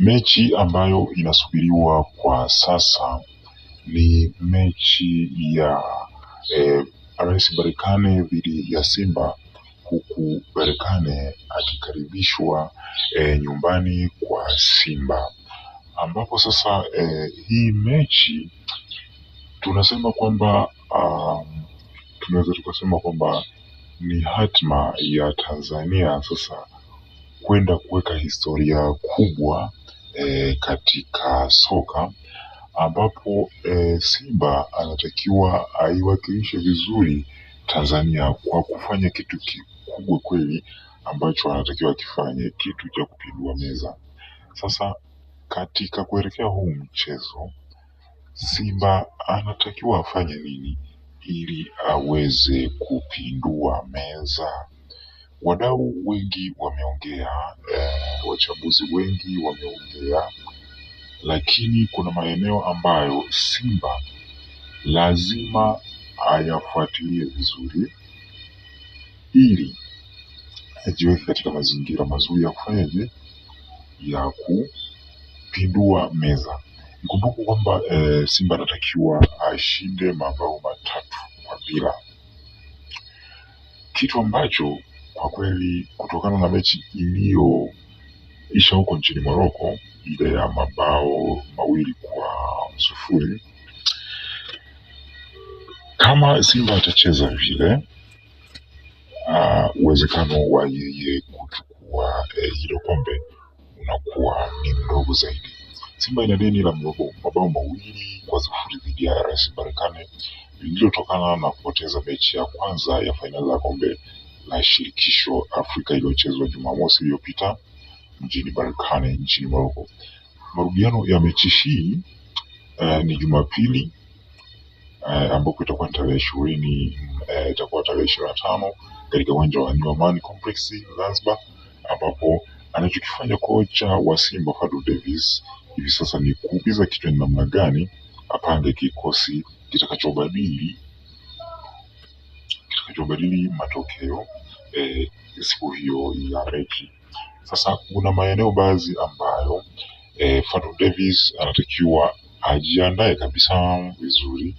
Mechi ambayo inasubiriwa kwa sasa ni mechi ya eh, Rais Berkane dhidi ya Simba huku Berkane akikaribishwa eh, nyumbani kwa Simba ambapo sasa eh, hii mechi tunasema kwamba um, tunaweza tukasema kwamba ni hatima ya Tanzania sasa kwenda kuweka historia kubwa e, katika soka ambapo e, Simba anatakiwa aiwakilishe vizuri Tanzania kwa kufanya kitu kikubwa kweli ambacho anatakiwa akifanye, kitu cha kupindua meza. Sasa katika kuelekea huu mchezo Simba anatakiwa afanye nini ili aweze kupindua meza? Wadau wengi wameongea eh, wachambuzi wengi wameongea, lakini kuna maeneo ambayo Simba lazima ayafuatilie vizuri ili ajiweke katika mazingira mazuri ya kufanyaje ya kupindua meza. Ikumbuke kwamba e, Simba anatakiwa ashinde mabao matatu kwa bila, kitu ambacho kwa kweli kutokana na mechi iliyoisha huko nchini Morocco, ile ya mabao mawili kwa sufuri, kama Simba atacheza vile, ah, uwezekano wa yeye kuchukua eh, hilo eh, kombe unakuwa ni mdogo zaidi. Simba ina deni la mabao mawili kwa sufuri dhidi ya RS Berkane lililotokana na kupoteza mechi ya kwanza ya fainali za kombe la Shirikisho Afrika iliyochezwa Jumamosi iliyopita mjini Barkane nchini Morocco. Marudiano ya mechi hii uh, ni Jumapili uh, ambapo itakuwa tarehe ishirini uh, itakuwa tarehe ishirini na tano katika uwanja wa New Amaan Complex Zanzibar, ambapo anachokifanya kocha wa Simba Fadlu Davis hivi sasa ni kuuliza ni namna gani apange kikosi kitakachobadili kitakachobadili matokeo eh, siku hiyo ya reki. Sasa kuna maeneo baadhi ambayo eh, Fadlu Davis anatakiwa ajiandae kabisa vizuri.